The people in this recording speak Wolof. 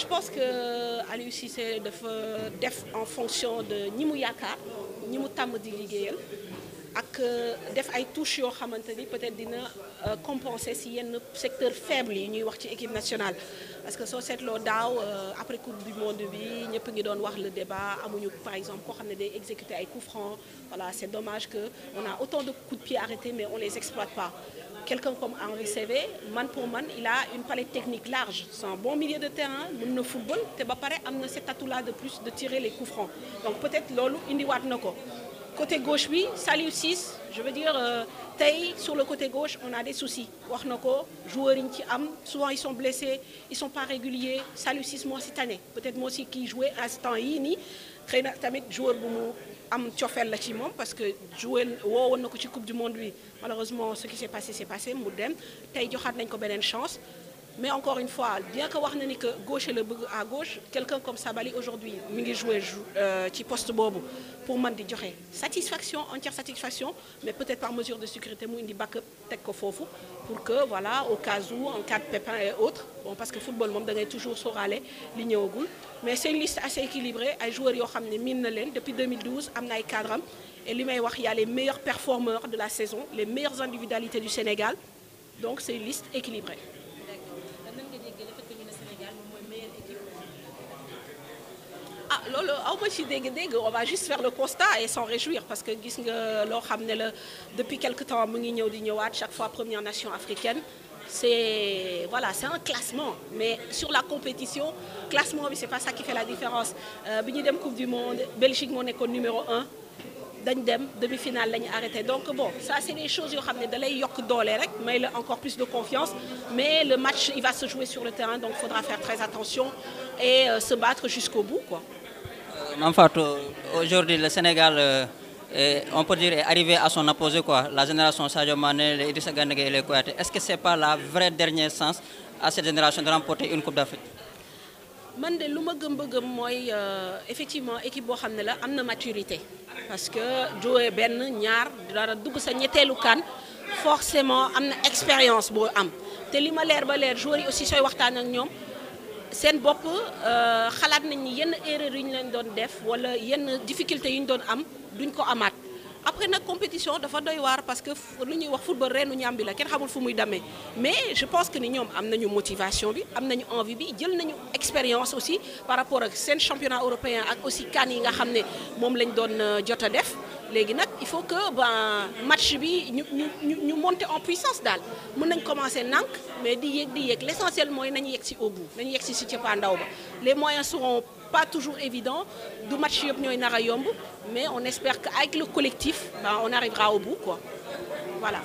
je pense que euh, Aliou Cissé dafa def en fonction de ñi mu yaakaar ñi mu tàmm di liggéeyal ak euh, def ay touches yoo xamante ni peut-être dina euh, compenser si yenn secteur faible yi ñuy wax ci équipe nationale parce que soo seetloo daaw après coupe du monde bi ñëpp ngi doon wax le débat amuñu par exemple koo xam ne day exécuter ay coups francs voilà c'est dommage que on a autant de coups de pied arrêtés mais on les exploite pas quelqu'un comme Henri Saivet man pour man il a une palette technique large c'est un bon milieu de terrain mën na football te ba pare am na cet atout-là de plus de tirer les coups francs donc peut-être loolu indiwaat na ko côté gauche bi Saliou Ciss je veux dire euh, tey sur le côté gauche on a des soucis wax na ko joueurs yi ñu ci am souvent ils sont blessés ils sont pas réguliers Saliou Ciss moo si tane peut-être moo si kii joué instant yii nii xëy na tamit joueur bu am cofeel la ci moom parce que joué woo woon na ko ci coupe du monde bi malheureusement ce qui s'est passé s'est passé mu dem tey joxaat nañ ko beneen chance mais encore une fois bien que wax na ni que gauche la bëgg à gauche quelqu'un comme Sabali aujourd'hui mi ngi joué euh, ci poste boobu pour man di joxe satisfaction entière satisfaction mais peut-être par mesure de sécurité mu indi backup teg ko foofu pour que voilà au cas où en cas de pépin et autres parce que football moom da ngay toujours sóoraale li ñëwagul mais c'est une liste assez équilibrée ay joueurs yoo xam ne miin na leen depuis 2012 am ay cadram may wax y a les meilleurs performeurs de la saison les meilleures individualités du Sénégal donc c'est une liste aw ma ci dégg-dégg on va juste faire le constat et s'en réjouir parce que gis nga loo xam ne la depuis quelque temps mu ngi ñëw di ñëwaat chaque fois première nation africaine c'est voilà c'est un classement mais sur la compétition classement bi c'est pas ça qui fait la différence euh, bi ñu dem coupe du monde Belgique moo nekkoon numéro un dañ dem demi-finale lañu arrêté donc bon ça c'est des choses yoo xam ne da lay yokk doole rek may la encore plus de confiance mais le match il va se jouer sur le terrain donc faudra faire très attention et euh, se battre jusqu'au bout Euh, Mam Fatou, aujourd'hui le Sénégal, euh, on peut dire, est arrivé à son apogée, quoi. La génération Sadio Mané, les Idrissa Gane et les Kouyaté. Est-ce que ce n'est pas la vraie dernière chance à cette génération de remporter une Coupe d'Afrique man de lu ma gëm bëggëm mooy euh, effectivement équipe boo xam ne la am na maturité parce que jouer benn ñaar dara dugg sa ñetteelu kan forcément am na expérience boo am te li ma leer ba leer joueurs yi aussi sooy waxtaan ak ñoom seen bopp euh, xalaat nañ ni yenn erreur yu ñu leen doon def wala yenn difficulté yu ñu doon am duñ ko amaat après nag compétition dafa doy waar parce que lu ñuy wax football reenu ñaam bi la kenn xamul fu muy demee mais je pense que ni ñoom am nañu motivation bi am nañu envie bi jël nañu expérience aussi par rapport ak seen championnat européen ak aussi CAN yi nga xam ne moom lañ doon euh, jot a def léegi nag il faut que ben match bi ñu ñu ñu monter en puissance daal mun nañ commencé nànk mais di yéeg di yéeg l'essentiel mooy nañu yegg si au bout nañu yegg si si cëppaandaw ba les moyens seront pas toujours évidents du match yëpp ñooy nar a yomb mais on espère que avec le collectif ben on arrivera au bout voilà